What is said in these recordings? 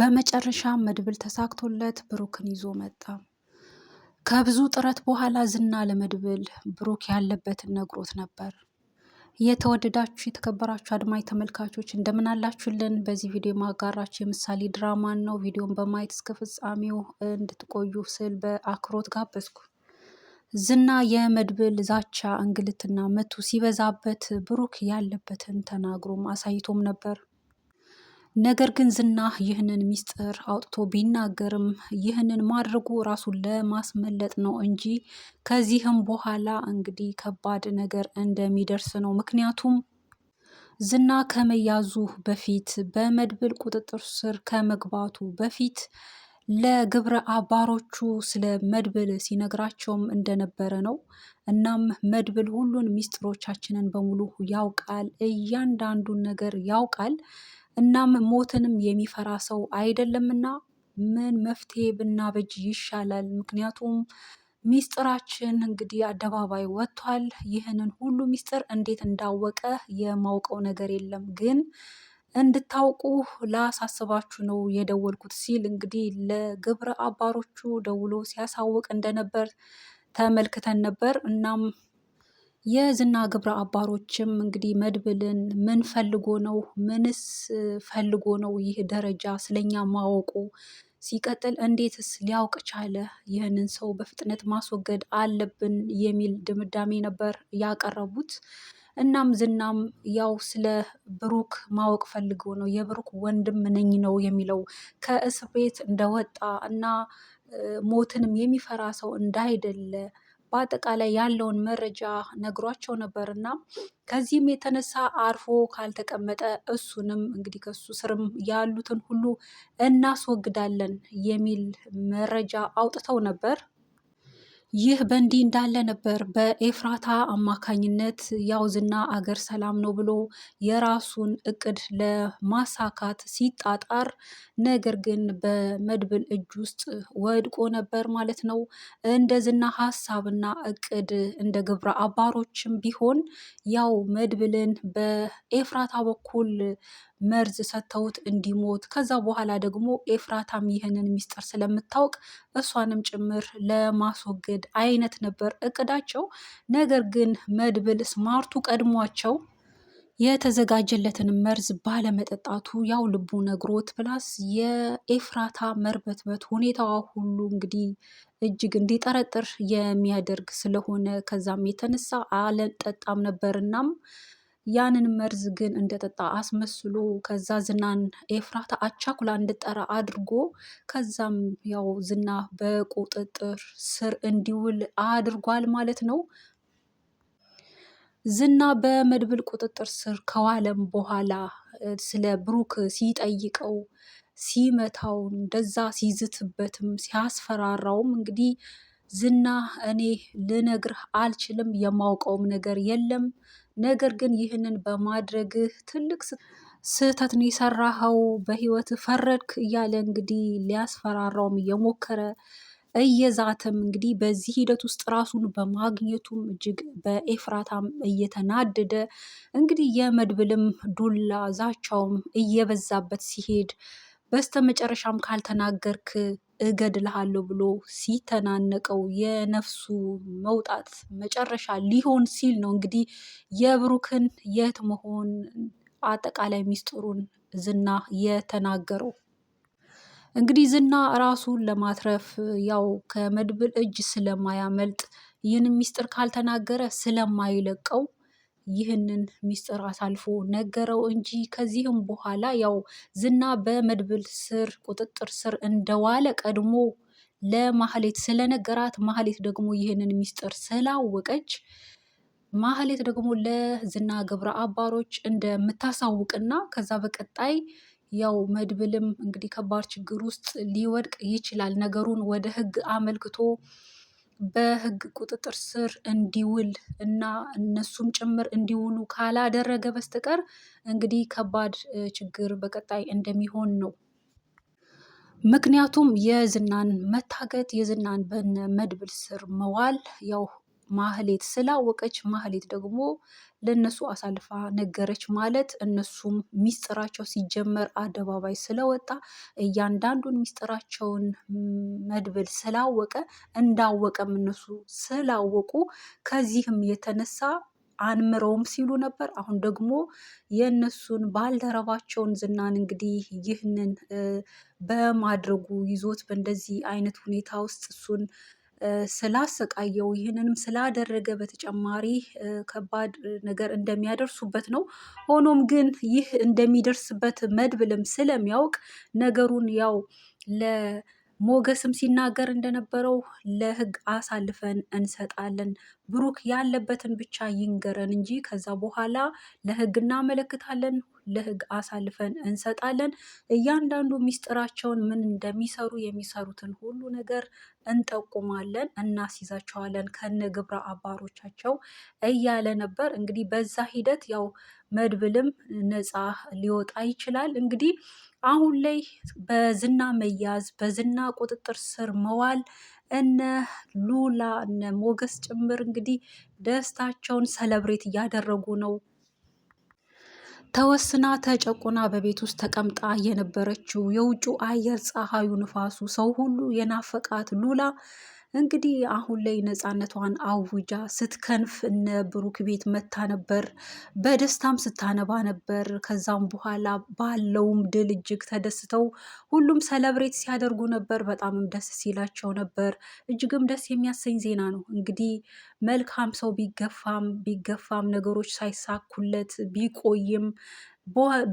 በመጨረሻ መድብል ተሳክቶለት ብሩክን ይዞ መጣ። ከብዙ ጥረት በኋላ ዝና ለመድብል ብሩክ ያለበትን ነግሮት ነበር። የተወደዳችሁ የተከበራችሁ አድማጭ ተመልካቾች እንደምን አላችሁልን? በዚህ ቪዲዮ ማጋራች የምሳሌ ድራማን ነው። ቪዲዮን በማየት እስከ ፍጻሜው እንድትቆዩ ስል በአክብሮት ጋበዝኩ። ዝና የመድብል ዛቻ፣ እንግልትና መቱ ሲበዛበት ብሩክ ያለበትን ተናግሮም አሳይቶም ነበር። ነገር ግን ዝና ይህንን ሚስጥር አውጥቶ ቢናገርም ይህንን ማድረጉ ራሱን ለማስመለጥ ነው እንጂ ከዚህም በኋላ እንግዲህ ከባድ ነገር እንደሚደርስ ነው። ምክንያቱም ዝና ከመያዙ በፊት በመድብል ቁጥጥር ስር ከመግባቱ በፊት ለግብረ አባሮቹ ስለ መድብል ሲነግራቸውም እንደነበረ ነው። እናም መድብል ሁሉን ሚስጥሮቻችንን በሙሉ ያውቃል፣ እያንዳንዱን ነገር ያውቃል እናም ሞትንም የሚፈራ ሰው አይደለምና ምን መፍትሄ ብናበጅ ይሻላል? ምክንያቱም ሚስጥራችን እንግዲህ አደባባይ ወጥቷል። ይህንን ሁሉ ሚስጥር እንዴት እንዳወቀ የማውቀው ነገር የለም ግን እንድታውቁ ላሳስባችሁ ነው የደወልኩት ሲል እንግዲህ ለግብረ አባሮቹ ደውሎ ሲያሳውቅ እንደነበር ተመልክተን ነበር። እናም የዝና ግብረ አባሮችም እንግዲህ መድብልን ምን ፈልጎ ነው? ምንስ ፈልጎ ነው ይህ ደረጃ ስለኛ ማወቁ? ሲቀጥል እንዴትስ ሊያውቅ ቻለ? ይህንን ሰው በፍጥነት ማስወገድ አለብን የሚል ድምዳሜ ነበር ያቀረቡት። እናም ዝናም ያው ስለ ብሩክ ማወቅ ፈልጎ ነው የብሩክ ወንድም ነኝ ነው የሚለው ከእስር ቤት እንደወጣ እና ሞትንም የሚፈራ ሰው እንዳይደለ በአጠቃላይ ያለውን መረጃ ነግሯቸው ነበር እና ከዚህም የተነሳ አርፎ ካልተቀመጠ እሱንም እንግዲህ ከሱ ስርም ያሉትን ሁሉ እናስወግዳለን የሚል መረጃ አውጥተው ነበር። ይህ በእንዲህ እንዳለ ነበር በኤፍራታ አማካኝነት ያው ዝና አገር ሰላም ነው ብሎ የራሱን እቅድ ለማሳካት ሲጣጣር፣ ነገር ግን በመድብል እጅ ውስጥ ወድቆ ነበር ማለት ነው። እንደ ዝና ሀሳብና እቅድ እንደ ግብረ አባሮችም ቢሆን ያው መድብልን በኤፍራታ በኩል መርዝ ሰጥተውት እንዲሞት ከዛ በኋላ ደግሞ ኤፍራታም ይህንን ሚስጥር ስለምታውቅ እሷንም ጭምር ለማስወገድ አይነት ነበር እቅዳቸው። ነገር ግን መድብል ስማርቱ ቀድሟቸው የተዘጋጀለትን መርዝ ባለመጠጣቱ ያው ልቡ ነግሮት ፕላስ የኤፍራታ መርበትበት ሁኔታዋ ሁሉ እንግዲህ እጅግ እንዲጠረጥር የሚያደርግ ስለሆነ ከዛም የተነሳ አለጠጣም ነበር እናም ያንን መርዝ ግን እንደጠጣ አስመስሎ ከዛ ዝናን ኤፍራታ አቻኩላ እንድጠራ አድርጎ ከዛም ያው ዝና በቁጥጥር ስር እንዲውል አድርጓል ማለት ነው። ዝና በመድብል ቁጥጥር ስር ከዋለም በኋላ ስለ ብሩክ ሲጠይቀው ሲመታው እንደዛ ሲዝትበትም ሲያስፈራራውም እንግዲህ ዝና እኔ ልነግርህ አልችልም፣ የማውቀውም ነገር የለም ነገር ግን ይህንን በማድረግህ ትልቅ ስህተት ነው የሰራኸው፣ በህይወት ፈረድክ እያለ እንግዲህ ሊያስፈራራውም እየሞከረ እየዛተም እንግዲህ በዚህ ሂደት ውስጥ ራሱን በማግኘቱም እጅግ በኤፍራታም እየተናደደ እንግዲህ የመድብልም ዱላ ዛቻውም እየበዛበት ሲሄድ በስተመጨረሻም ካልተናገርክ እገድልሃለሁ ብሎ ሲተናነቀው የነፍሱ መውጣት መጨረሻ ሊሆን ሲል ነው እንግዲህ የብሩክን የት መሆን አጠቃላይ ሚስጥሩን ዝና የተናገረው። እንግዲህ ዝና ራሱን ለማትረፍ ያው ከመድብል እጅ ስለማያመልጥ ይህንን ሚስጥር ካልተናገረ ስለማይለቀው ይህንን ሚስጥር አሳልፎ ነገረው እንጂ ከዚህም በኋላ ያው ዝና በመድብል ስር ቁጥጥር ስር እንደዋለ ቀድሞ ለማህሌት ስለነገራት ማህሌት ደግሞ ይህንን ሚስጥር ስላወቀች ማህሌት ደግሞ ለዝና ግብረ አባሮች እንደምታሳውቅና ከዛ በቀጣይ ያው መድብልም እንግዲህ ከባድ ችግር ውስጥ ሊወድቅ ይችላል። ነገሩን ወደ ህግ አመልክቶ በህግ ቁጥጥር ስር እንዲውል እና እነሱም ጭምር እንዲውሉ ካላደረገ በስተቀር እንግዲህ ከባድ ችግር በቀጣይ እንደሚሆን ነው። ምክንያቱም የዝናን መታገት የዝናን በነ መድብል ስር መዋል ያው ማህሌት ስላወቀች ማህሌት ደግሞ ለእነሱ አሳልፋ ነገረች ማለት እነሱም ሚስጥራቸው ሲጀመር አደባባይ ስለወጣ እያንዳንዱን ሚስጥራቸውን መድብል ስላወቀ እንዳወቀም እነሱ ስላወቁ ከዚህም የተነሳ አንምረውም ሲሉ ነበር። አሁን ደግሞ የእነሱን ባልደረባቸውን ዝናን እንግዲህ ይህንን በማድረጉ ይዞት በእንደዚህ አይነት ሁኔታ ውስጥ እሱን ስላሰቃየው ይህንንም ስላደረገ በተጨማሪ ከባድ ነገር እንደሚያደርሱበት ነው። ሆኖም ግን ይህ እንደሚደርስበት መድብልም ስለሚያውቅ ነገሩን ያው ለሞገስም ሲናገር እንደነበረው ለሕግ አሳልፈን እንሰጣለን፣ ብሩክ ያለበትን ብቻ ይንገረን እንጂ ከዛ በኋላ ለሕግ እናመለክታለን ለህግ አሳልፈን እንሰጣለን። እያንዳንዱ ሚስጥራቸውን ምን እንደሚሰሩ የሚሰሩትን ሁሉ ነገር እንጠቁማለን፣ እናስይዛቸዋለን ከነ ግብረ አባሮቻቸው እያለ ነበር። እንግዲህ በዛ ሂደት ያው መድብልም ነፃ ሊወጣ ይችላል። እንግዲህ አሁን ላይ በዝና መያዝ፣ በዝና ቁጥጥር ስር መዋል እነ ሉላ እነ ሞገስ ጭምር እንግዲህ ደስታቸውን ሰለብሬት እያደረጉ ነው። ተወስና ተጨቁና በቤት ውስጥ ተቀምጣ የነበረችው የውጩ አየር ፀሐዩ፣ ንፋሱ፣ ሰው ሁሉ የናፈቃት ሉላ እንግዲህ አሁን ላይ ነፃነቷን አውጃ ስትከንፍ እነ ብሩክ ቤት መታ ነበር። በደስታም ስታነባ ነበር። ከዛም በኋላ ባለውም ድል እጅግ ተደስተው ሁሉም ሰለብሬት ሲያደርጉ ነበር። በጣምም ደስ ሲላቸው ነበር። እጅግም ደስ የሚያሰኝ ዜና ነው። እንግዲህ መልካም ሰው ቢገፋም ቢገፋም ነገሮች ሳይሳኩለት ቢቆይም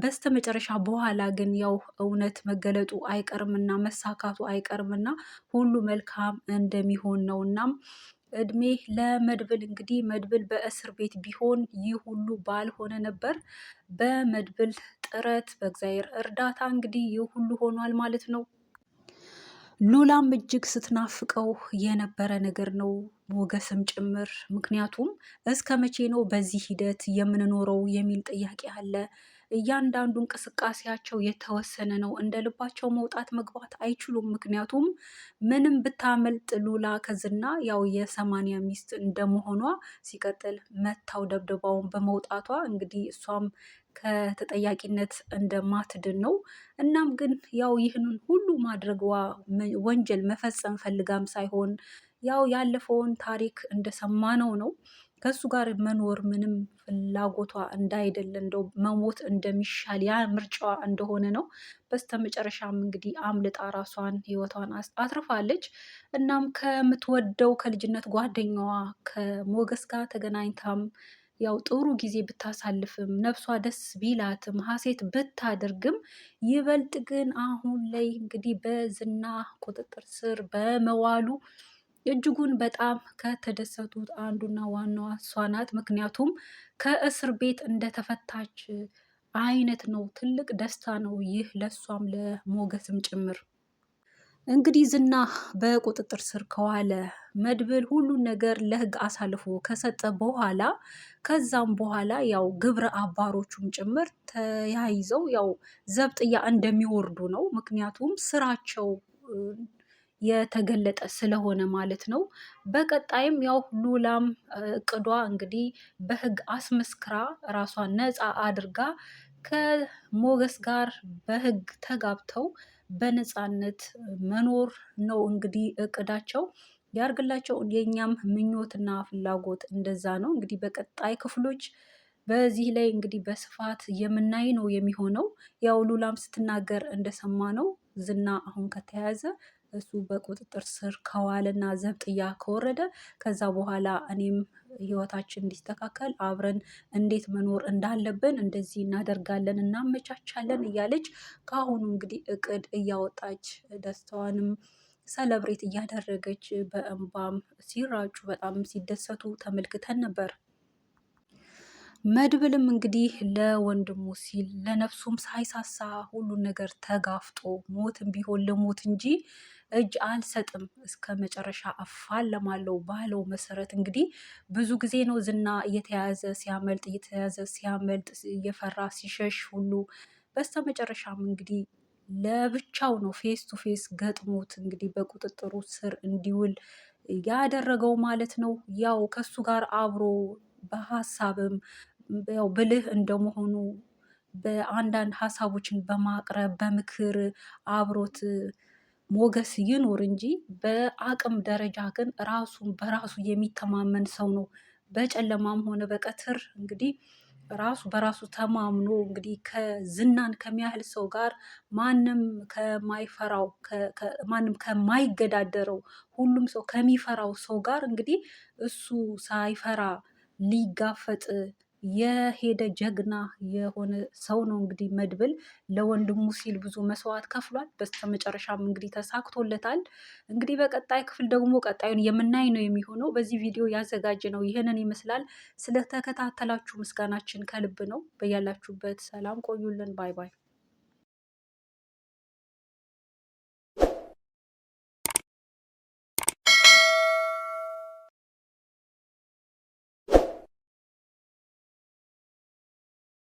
በስተመጨረሻ በኋላ ግን ያው እውነት መገለጡ አይቀርምና መሳካቱ አይቀርምና ሁሉ መልካም እንደሚሆን ነው። እናም እድሜ ለመድብል እንግዲህ መድብል በእስር ቤት ቢሆን ይህ ሁሉ ባልሆነ ነበር። በመድብል ጥረት በእግዚአብሔር እርዳታ እንግዲህ ይህ ሁሉ ሆኗል ማለት ነው። ሉላም እጅግ ስትናፍቀው የነበረ ነገር ነው ሞገስም ጭምር። ምክንያቱም እስከ መቼ ነው በዚህ ሂደት የምንኖረው የሚል ጥያቄ አለ። እያንዳንዱ እንቅስቃሴያቸው የተወሰነ ነው። እንደ ልባቸው መውጣት መግባት አይችሉም። ምክንያቱም ምንም ብታመልጥ ሉላ ከዝና ያው የሰማንያ ሚስት እንደመሆኗ ሲቀጥል መታው ደብደባውን በመውጣቷ እንግዲህ እሷም ከተጠያቂነት እንደማትድን ነው። እናም ግን ያው ይህንን ሁሉ ማድረግዋ ወንጀል መፈጸም ፈልጋም ሳይሆን ያው ያለፈውን ታሪክ እንደሰማነው ነው። ከእሱ ጋር መኖር ምንም ፍላጎቷ እንዳይደለ እንደው መሞት እንደሚሻል ያ ምርጫዋ እንደሆነ ነው። በስተመጨረሻም እንግዲህ አምልጣ ራሷን ህይወቷን አትርፋለች። እናም ከምትወደው ከልጅነት ጓደኛዋ ከሞገስ ጋር ተገናኝታም ያው ጥሩ ጊዜ ብታሳልፍም ነፍሷ ደስ ቢላትም ሀሴት ብታደርግም ይበልጥ ግን አሁን ላይ እንግዲህ በዝና ቁጥጥር ስር በመዋሉ እጅጉን በጣም ከተደሰቱት አንዱና ዋናዋ እሷ ናት። ምክንያቱም ከእስር ቤት እንደተፈታች አይነት ነው። ትልቅ ደስታ ነው ይህ ለእሷም ለሞገስም ጭምር። እንግዲህ ዝና በቁጥጥር ስር ከዋለ መድብል ሁሉን ነገር ለሕግ አሳልፎ ከሰጠ በኋላ ከዛም በኋላ ያው ግብረ አባሮቹም ጭምር ተያይዘው ያው ዘብጥያ እንደሚወርዱ ነው። ምክንያቱም ስራቸው የተገለጠ ስለሆነ ማለት ነው። በቀጣይም ያው ሉላም እቅዷ እንግዲህ በህግ አስመስክራ ራሷን ነፃ አድርጋ ከሞገስ ጋር በህግ ተጋብተው በነፃነት መኖር ነው እንግዲህ እቅዳቸው። ያርግላቸው። የእኛም ምኞትና ፍላጎት እንደዛ ነው። እንግዲህ በቀጣይ ክፍሎች በዚህ ላይ እንግዲህ በስፋት የምናይ ነው የሚሆነው። ያው ሉላም ስትናገር እንደሰማ ነው ዝና አሁን ከተያዘ እሱ በቁጥጥር ስር ከዋለና ዘብጥያ ከወረደ ከዛ በኋላ እኔም ህይወታችን እንዲስተካከል አብረን እንዴት መኖር እንዳለብን እንደዚህ እናደርጋለን እናመቻቻለን እያለች ከአሁኑ እንግዲህ እቅድ እያወጣች ደስታዋንም ሰለብሬት እያደረገች በእንባም ሲራጩ በጣም ሲደሰቱ ተመልክተን ነበር። መድብልም እንግዲህ ለወንድሙ ሲል ለነፍሱም ሳይሳሳ ሁሉን ነገር ተጋፍጦ ሞትም ቢሆን ለሞት እንጂ እጅ አልሰጥም እስከ መጨረሻ አፋለማለው ባለው መሰረት እንግዲህ ብዙ ጊዜ ነው ዝና እየተያዘ ሲያመልጥ እየተያዘ ሲያመልጥ እየፈራ ሲሸሽ ሁሉ በስተ መጨረሻም እንግዲህ ለብቻው ነው ፌስ ቱ ፌስ ገጥሞት እንግዲህ በቁጥጥሩ ስር እንዲውል ያደረገው ማለት ነው። ያው ከሱ ጋር አብሮ በሀሳብም ያው ብልህ እንደመሆኑ በአንዳንድ ሀሳቦችን በማቅረብ በምክር አብሮት ሞገስ ይኑር እንጂ በአቅም ደረጃ ግን ራሱን በራሱ የሚተማመን ሰው ነው። በጨለማም ሆነ በቀትር እንግዲህ ራሱ በራሱ ተማምኖ እንግዲህ ከዝናን ከሚያህል ሰው ጋር ማንም ከማይፈራው ማንም ከማይገዳደረው ሁሉም ሰው ከሚፈራው ሰው ጋር እንግዲህ እሱ ሳይፈራ ሊጋፈጥ የሄደ ጀግና የሆነ ሰው ነው። እንግዲህ መድብል ለወንድሙ ሲል ብዙ መስዋዕት ከፍሏል። በስተመጨረሻም እንግዲህ ተሳክቶለታል። እንግዲህ በቀጣይ ክፍል ደግሞ ቀጣዩን የምናይ ነው የሚሆነው። በዚህ ቪዲዮ ያዘጋጀ ነው ይህንን ይመስላል። ስለተከታተላችሁ ምስጋናችን ከልብ ነው። በያላችሁበት ሰላም ቆዩልን። ባይ ባይ።